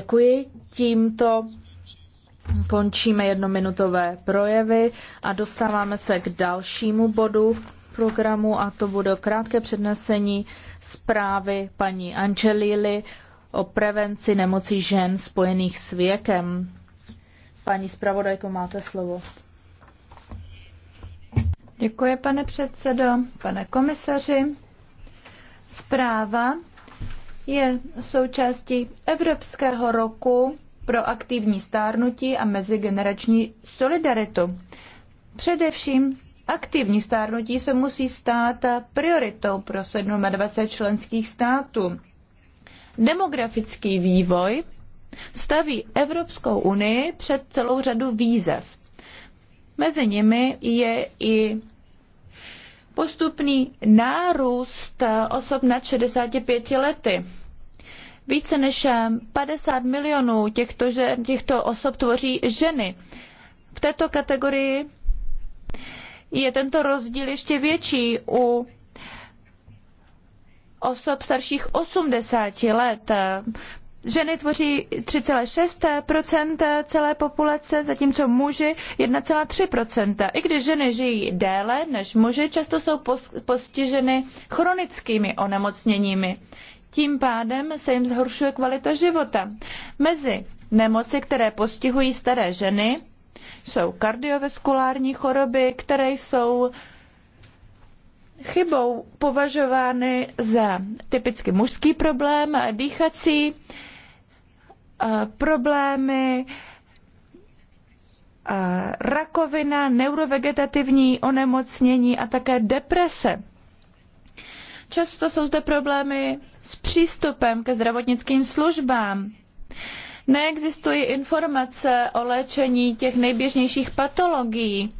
Děkuji. Tímto končíme jednominutové projevy a dostáváme se k dalšímu bodu programu a to bude krátké přednesení zprávy paní Angelily o prevenci nemocí žen spojených s věkem. Paní zpravodajko, máte slovo. Děkuji, pane předsedo, pane komisaři. Zpráva je součástí Evropského roku pro aktivní stárnutí a mezigenerační solidaritu. Především aktivní stárnutí se musí stát prioritou pro 27 členských států. Demografický vývoj staví Evropskou unii před celou řadu výzev. Mezi nimi je i postupný nárůst osob nad 65 lety. Více než 50 milionů těchto, žen, těchto osob tvoří ženy. V této kategorii je tento rozdíl ještě větší u osob starších 80 let. Ženy tvoří 3,6 celé populace, zatímco muži 1,3 I když ženy žijí déle než muži, často jsou postiženy chronickými onemocněními. Tím pádem se jim zhoršuje kvalita života. Mezi nemoci, které postihují staré ženy, jsou kardiovaskulární choroby, které jsou chybou považovány za typicky mužský problém, dýchací Eh, problémy, eh, rakovina, neurovegetativní onemocnění a také deprese. Často jsou zde problémy s přístupem ke zdravotnickým službám. Neexistují informace o léčení těch nejběžnějších patologií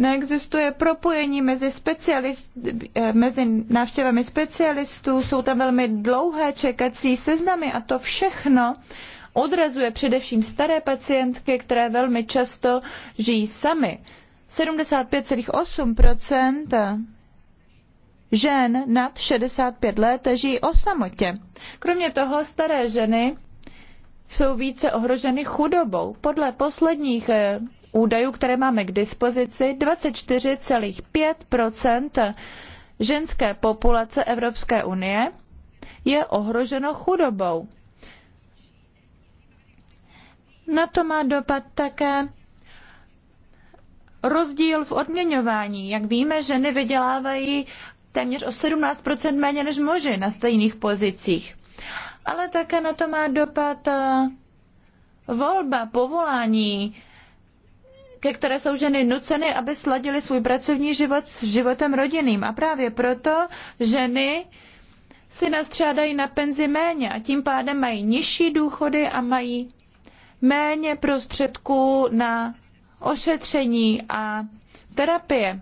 neexistuje propojení mezi, specialist, eh, mezi návštěvami specialistů, jsou tam velmi dlouhé čekací seznamy a to všechno odrazuje především staré pacientky, které velmi často žijí sami. 75,8 žen nad 65 let žijí o samotě. Kromě toho staré ženy jsou více ohroženy chudobou. Podle posledních eh, údajů, které máme k dispozici, 24,5 ženské populace Evropské unie je ohroženo chudobou. Na to má dopad také rozdíl v odměňování. Jak víme, ženy vydělávají téměř o 17 méně než muži na stejných pozicích. Ale také na to má dopad eh, volba povolání ke které jsou ženy nuceny, aby sladily svůj pracovní život s životem rodinným. A právě proto ženy si nastřádají na penzi méně a tím pádem mají nižší důchody a mají méně prostředků na ošetření a terapie.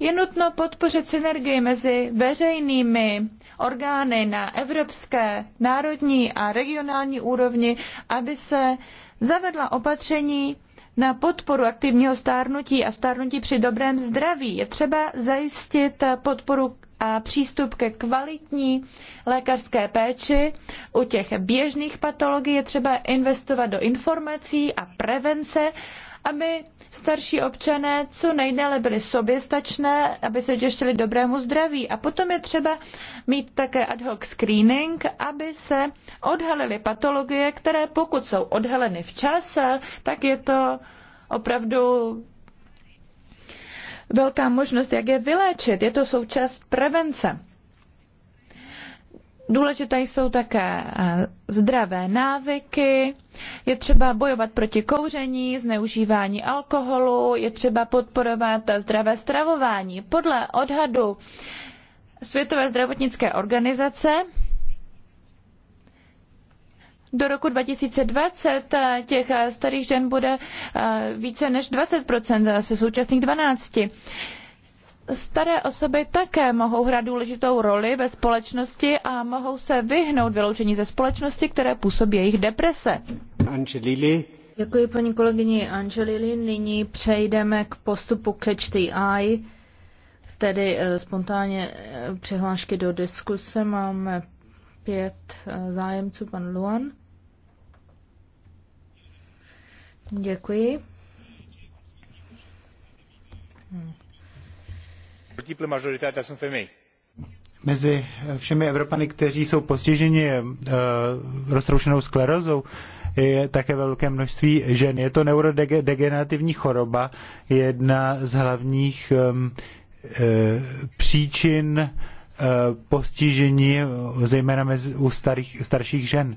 Je nutno podpořit synergii mezi veřejnými orgány na evropské, národní a regionální úrovni, aby se zavedla opatření, na podporu aktivního stárnutí a stárnutí při dobrém zdraví je třeba zajistit podporu a přístup ke kvalitní lékařské péči. U těch běžných patologií je třeba investovat do informací a prevence, aby starší občané co nejdéle byli soběstačné, aby se těšili dobrému zdraví. A potom je třeba mít také ad hoc screening, aby se odhalily patologie, které pokud jsou odhaleny včas, tak je to opravdu velká možnost, jak je vyléčit. Je to součást prevence. Důležité jsou také eh, zdravé návyky, je třeba bojovat proti kouření, zneužívání alkoholu, je třeba podporovat zdravé stravování. Podle odhadu Světové zdravotnické organizace do roku 2020 eh, těch eh, starých žen bude eh, více než 20% se současných 12. Staré osoby také mohou hrát důležitou roli ve společnosti a mohou se vyhnout vyloučení ze společnosti, které působí jejich deprese. Angelili. Děkuji paní kolegyni Angelili. Nyní přejdeme k postupu Catch the Eye tedy eh, spontánně eh, přihlášky do diskuse. Máme pět eh, zájemců, pan Luan. Děkuji. Multiple majoritatea sunt mezi všemi Evropany, kteří jsou postiženi e, roztroušenou sklerozou, je také velké množství žen. Je to neurodegenerativní choroba, jedna z hlavních e, Eh, příčin eh, postižení, zejména mezi, u starých, starších žen.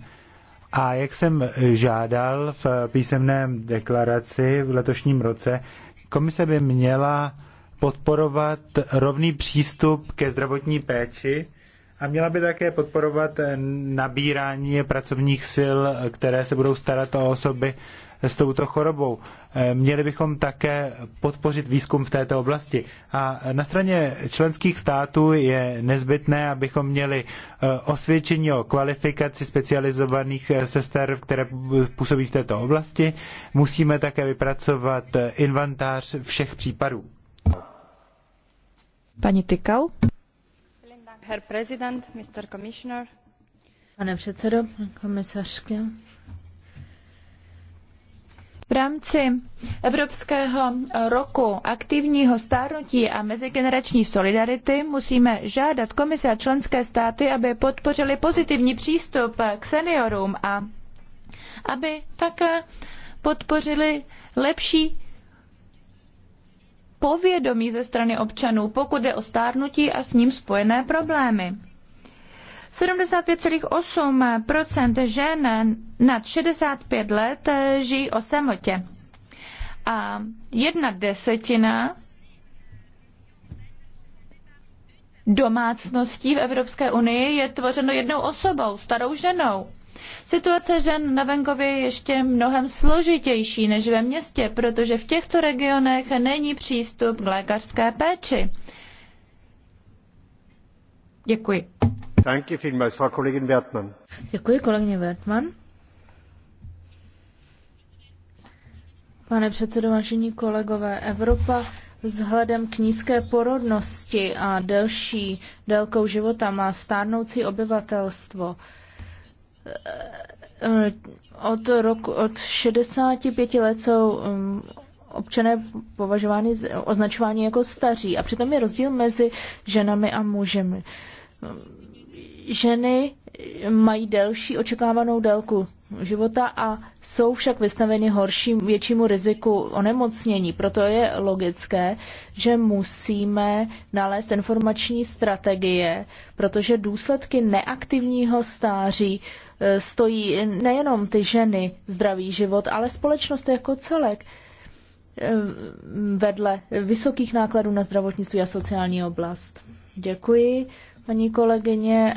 A jak jsem žádal v písemné deklaraci v letošním roce, komise by měla podporovat rovný přístup ke zdravotní péči a měla by také podporovat nabírání pracovních sil, které se budou starat o osoby s touto chorobou. Eh, měli bychom také podpořit výzkum v této oblasti. A na straně členských států je nezbytné, abychom měli eh, osvědčení o kvalifikaci specializovaných eh, sester, které působí v této oblasti. Musíme také vypracovat inventář všech případů. Pani Tykal. Herr President, Mr. Commissioner. Pane předsedo, komisařky, v rámci Evropského roku aktivního stárnutí a mezigenerační solidarity musíme žádat komise a členské státy, aby podpořili pozitivní přístup k seniorům a aby také podpořili lepší povědomí ze strany občanů, pokud jde o stárnutí a s ním spojené problémy. 75,8 žen nad 65 let žijí o samotě. A jedna desetina domácností v Evropské unii je tvořeno jednou osobou, starou ženou. Situace žen na venkově je ještě mnohem složitější než ve městě, protože v těchto regionech není přístup k lékařské péči. Děkuji. Danke vielmals, Frau Kollegin Wertmann. Děkuji, kolegyně Wertmann. Pane předsedo, vážení kolegové, Evropa vzhledem k nízké porodnosti a delší délkou života má stárnoucí obyvatelstvo. Eh, od, roku, od 65 let jsou mm, občané považováni, označováni jako staří a přitom je rozdíl mezi ženami a mužemi Ženy mají delší očekávanou délku života a jsou však vystaveny horším, většímu riziku onemocnění. Proto je logické, že musíme nalézt informační strategie, protože důsledky neaktivního stáří e, stojí nejenom ty ženy zdravý život, ale společnost jako celek e, vedle vysokých nákladů na zdravotnictví a sociální oblast. Děkuji paní kolegyně,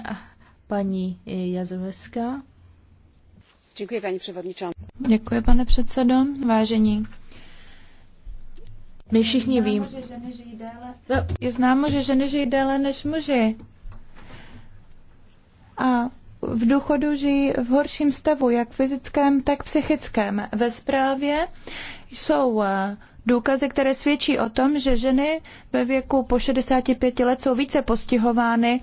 paní Jazoveska. Děkuji, paní předsedající. Děkuji, pane předsedo. Vážení. My všichni víme. No, je známo, že ženy žijí déle než muži. A v důchodu žijí v horším stavu, jak fyzickém, tak psychickém. Ve zprávě jsou eh, důkazy, které svědčí o tom, že ženy ve věku po 65 let jsou více postihovány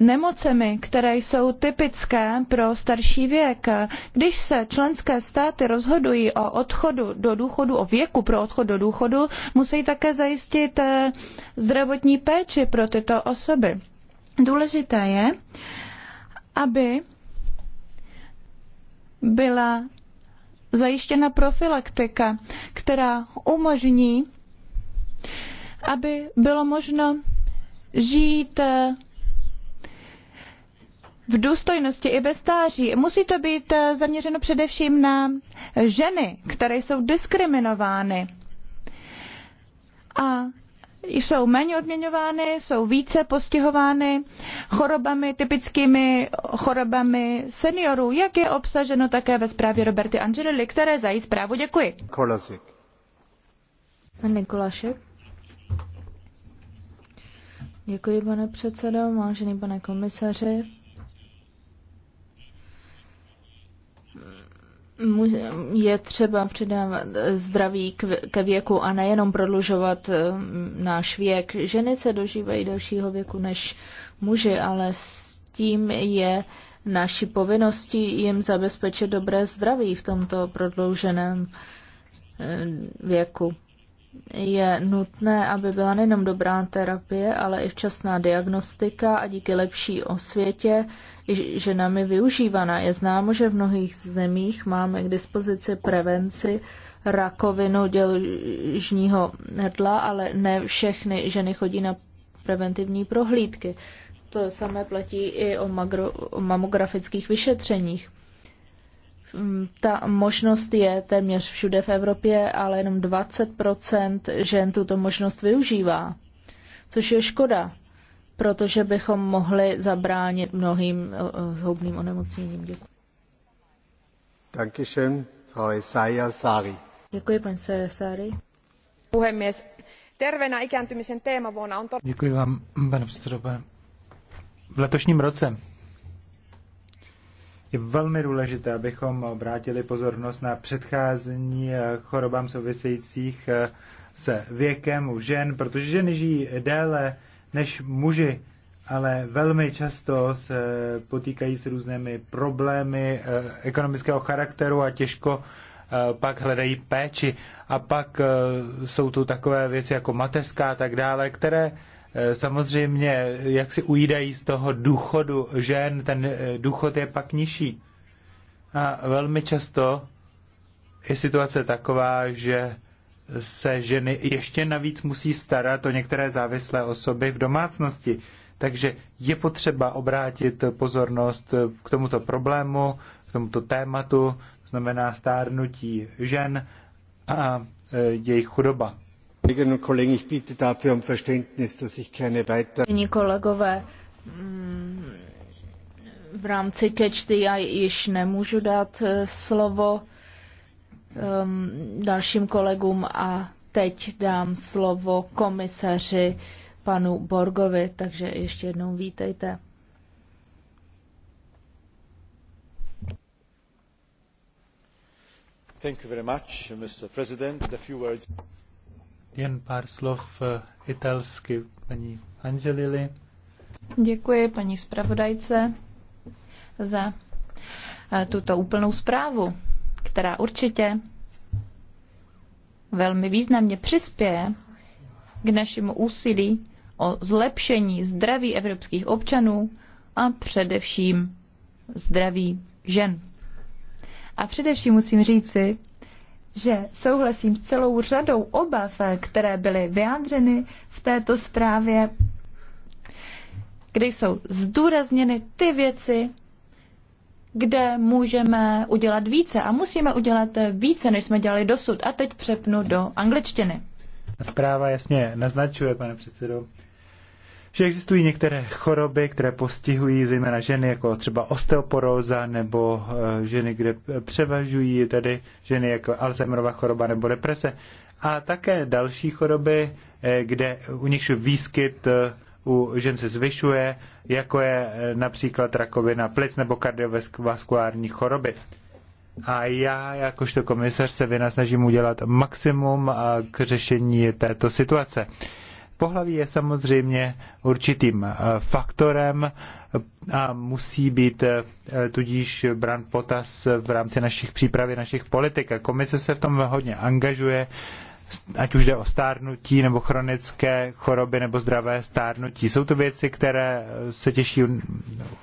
nemocemi, které jsou typické pro starší věk. Když se členské státy rozhodují o odchodu do důchodu, o věku pro odchod do důchodu, musí také zajistit eh, zdravotní péči pro tyto osoby. Důležité je, aby byla zajištěna profilaktika, která umožní, aby bylo možno žít eh, v důstojnosti i ve stáří. Musí to být eh, zaměřeno především na ženy, které jsou diskriminovány. A jsou méně odměňovány, jsou více postihovány chorobami, typickými chorobami seniorů, jak je obsaženo také ve zprávě Roberty Angelili, které za její zprávu děkuji. Kolasik. Nikolašek. Děkuji, pane předsedo, vážený pane komisaři. je třeba přidávat zdraví ke věku a nejenom prodlužovat eh, náš věk. Ženy se dožívají dalšího věku než muži, ale s tím je naší povinností jim zabezpečit dobré zdraví v tomto prodlouženém eh, věku je nutné, aby byla nejenom dobrá terapie, ale i včasná diagnostika a díky lepší osvětě že je využívaná. Je známo, že v mnohých zemích máme k dispozici prevenci rakovinu děložního hrdla, ale ne všechny ženy chodí na preventivní prohlídky. To samé platí i o, magro, o mamografických vyšetřeních. Mm, ta možnost je téměř všude v Evropě, ale jenom 20 žen tuto možnost využívá, což je škoda, protože bychom mohli zabránit mnohým eh, zhoubným onemocněním. Děkuji. Dankeschön, Frau Esaia Sari. Děkuji, paní Sari. Puhemies, terveenä ikääntymisen teemavuonna on... Děkuji vám, pane předsedo. V letošním roce je velmi důležité, abychom obrátili pozornost na předcházení chorobám souvisejících se věkem u žen, protože ženy žijí déle než muži, ale velmi často se potýkají s různými problémy eh, ekonomického charakteru a těžko eh, pak hledají péči. A pak eh, jsou tu takové věci jako mateřská a tak dále, které Eh, samozřejmě jak si ujídají z toho důchodu žen, ten eh, důchod je pak nižší. A velmi často je situace taková, že se ženy ještě navíc musí starat o některé závislé osoby v domácnosti. Takže je potřeba obrátit pozornost k tomuto problému, k tomuto tématu, to znamená stárnutí žen a eh, jejich chudoba. Kolleginnen um kolegové, mm, v rámci Catch the Eye již nemůžu dát eh, slovo ehm, dalším kolegům a teď dám slovo komisaři panu Borgovi, takže ještě jednou vítejte. Thank you very much, Mr. President. A few words jen pár slov eh, italsky paní Angelili. Děkuji paní zpravodajce za eh, tuto úplnou zprávu, která určitě velmi významně přispěje k našemu úsilí o zlepšení zdraví evropských občanů a především zdraví žen. A především musím říci, že souhlasím s celou řadou obav, eh, které byly vyjádřeny v této zprávě, kde jsou zdůrazněny ty věci, kde můžeme udělat více a musíme udělat více, než jsme dělali dosud. A teď přepnu do angličtiny. Zpráva jasně naznačuje, pane předsedo, že existují některé choroby, které postihují zejména ženy, jako třeba osteoporóza nebo eh, ženy, kde převažují tedy ženy jako Alzheimerova choroba nebo deprese. A také další choroby, eh, kde u nichž výskyt eh, u žen se zvyšuje, jako je například rakovina plic nebo kardiovaskulární choroby. A já, jakožto komisař, se vynasnažím udělat maximum k řešení této situace. Pohlaví je samozřejmě určitým eh, faktorem a musí být eh, tudíž brán potaz v rámci našich přípravy našich politik. A komise se v tom hodně angažuje ať už jde o stárnutí nebo chronické choroby nebo zdravé stárnutí. Jsou to věci, které se těší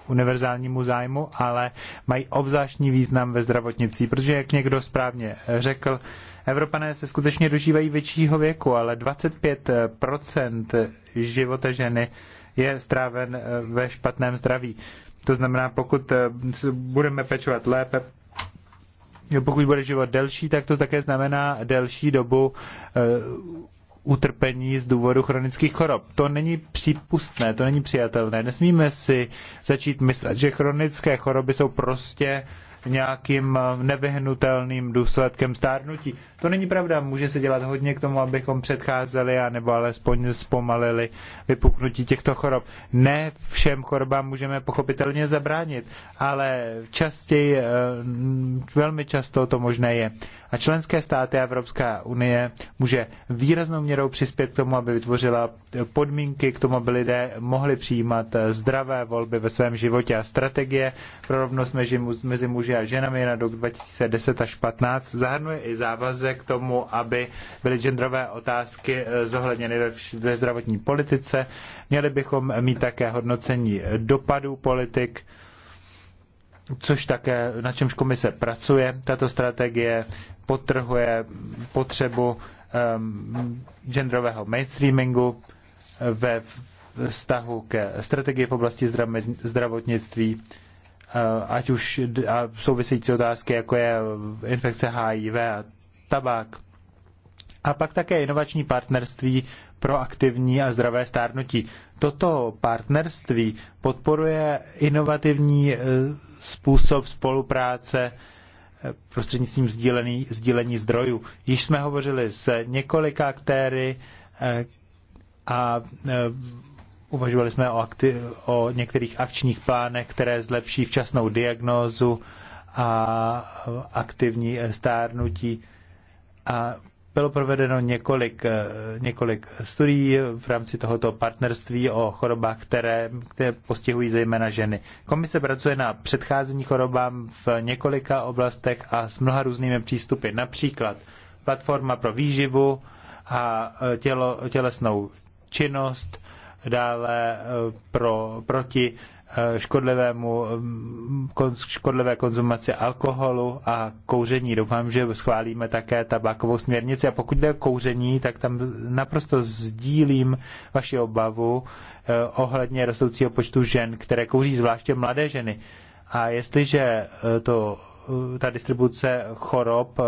univerzálnímu zájmu, ale mají obzvláštní význam ve zdravotnictví, protože, jak někdo správně řekl, Evropané se skutečně dožívají většího věku, ale 25 života ženy je stráven eh, ve špatném zdraví. To znamená, pokud eh, budeme pečovat lépe pokud bude život delší, tak to také znamená delší dobu eh, utrpení z důvodu chronických chorob. To není přípustné, to není přijatelné. Nesmíme si začít myslet, že chronické choroby jsou prostě nějakým eh, nevyhnutelným důsledkem stárnutí. To není pravda, může se dělat hodně k tomu, abychom předcházeli a nebo alespoň zpomalili vypuknutí těchto chorob. Ne všem chorobám můžeme pochopitelně zabránit, ale častěji, eh, velmi často to možné je. A členské státy a Evropská unie může výraznou měrou přispět k tomu, aby vytvořila podmínky k tomu, aby lidé mohli přijímat eh, zdravé volby ve svém životě a strategie pro rovnost mezi muži a ženami na rok 2010 až 15 zahrnuje i závazek peníze k tomu, aby byly genderové otázky eh, zohledněny ve, ve zdravotní politice. Měli bychom mít také hodnocení dopadů politik, což také, na čemž komise pracuje. Tato strategie potrhuje potřebu um, genderového mainstreamingu ve vztahu ke strategii v oblasti zdravotnictví, eh, ať už a související otázky, jako je infekce HIV a tabák. A pak také inovační partnerství pro aktivní a zdravé stárnutí. Toto partnerství podporuje inovativní e, způsob spolupráce e, prostřednictvím sdílení, sdílení zdrojů. Již jsme hovořili s několika aktéry e, a uvažovali jsme o, o některých akčních plánech, které zlepší včasnou diagnózu a aktivní stárnutí a bylo provedeno několik, eh, několik studií v rámci tohoto partnerství o chorobách, které, které postihují zejména ženy. Komise pracuje na předcházení chorobám v několika oblastech a s mnoha různými přístupy. Například platforma pro výživu a eh, tělo, tělesnou činnost, dále eh, pro, proti škodlivému, škodlivé konzumaci alkoholu a kouření. Doufám, že schválíme také tabákovou směrnici. A pokud jde o kouření, tak tam naprosto sdílím vaši obavu eh, ohledně rostoucího počtu žen, které kouří, zvláště mladé ženy. A jestliže eh, to, eh, ta distribuce chorob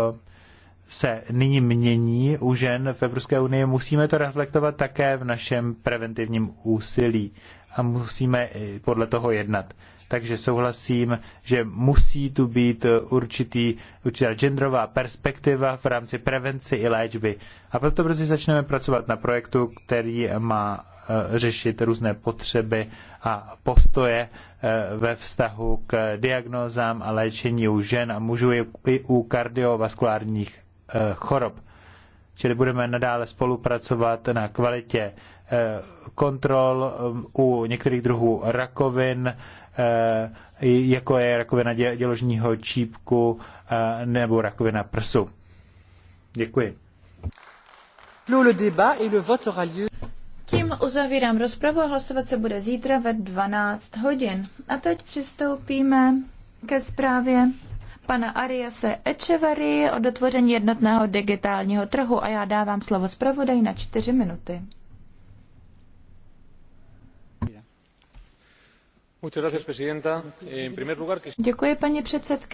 se nyní mění u žen v Evropské unii, musíme to reflektovat také v našem preventivním úsilí a musíme podle toho jednat. Takže souhlasím, že musí tu být určitý, určitá genderová perspektiva v rámci prevence i léčby. A proto brzy začneme pracovat na projektu, který má eh, řešit různé potřeby a postoje eh, ve vztahu k diagnózám a léčení u žen a mužů i u kardiovaskulárních Eh, chorob. Čili budeme nadále spolupracovat na kvalitě eh, kontrol eh, u některých druhů rakovin, jako je rakovina děložního čípku nebo rakovina prsu. Děkuji. Tím uzavírám rozpravu a hlasovat se bude zítra ve 12 hodin. A teď přistoupíme ke zprávě pana Ariase Echevary o dotvoření jednotného digitálního trhu a já dávám slovo zpravodaj na čtyři minuty. Děkuji, paní předsedkyně.